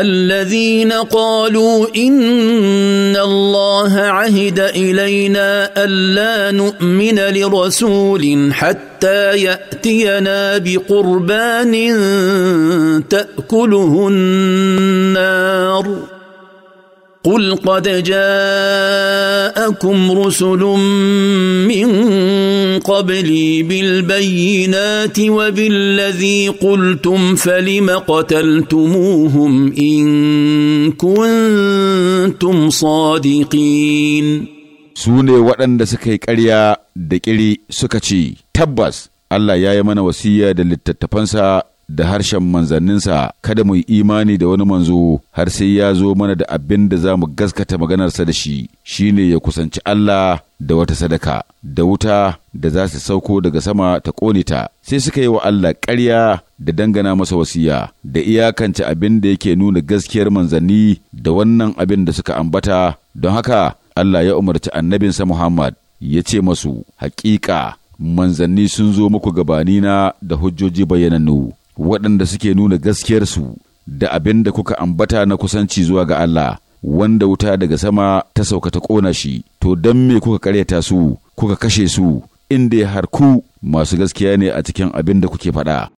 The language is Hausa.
الذين قالوا ان الله عهد الينا الا نؤمن لرسول حتى ياتينا بقربان تاكله النار قل قد جاءكم رسل من قبلي بالبينات وبالذي قلتم فلم قتلتموهم ان كنتم صادقين su ne waɗanda suka yi ƙarya da ƙiri suka ce tabbas Allah ya yi mana wasiya da littattafansa da harshen manzanninsa kada mu yi imani da wani manzo har sai ya zo mana da abin da za mu gaskata maganarsa da shi shine ya kusanci Allah da wata sadaka da wuta da za su sauko daga sama ta ƙone ta sai suka yi wa Allah ƙarya da dangana masa wasiya da iyakance abin da yake nuna gaskiyar manzanni da wannan abin da suka ambata don haka Allah ya umarci annabinsa Muhammad ya ce masu Haƙiƙa, manzanni sun zo muku gabanina da hujjoji bayyanannu waɗanda suke nuna gaskiyarsu da abin da kuka ambata na kusanci zuwa ga Allah wanda wuta daga sama ta sauka ta ƙona shi to don me kuka karyata su kuka kashe su inda ya harku masu gaskiya ne a cikin abin da kuke faɗa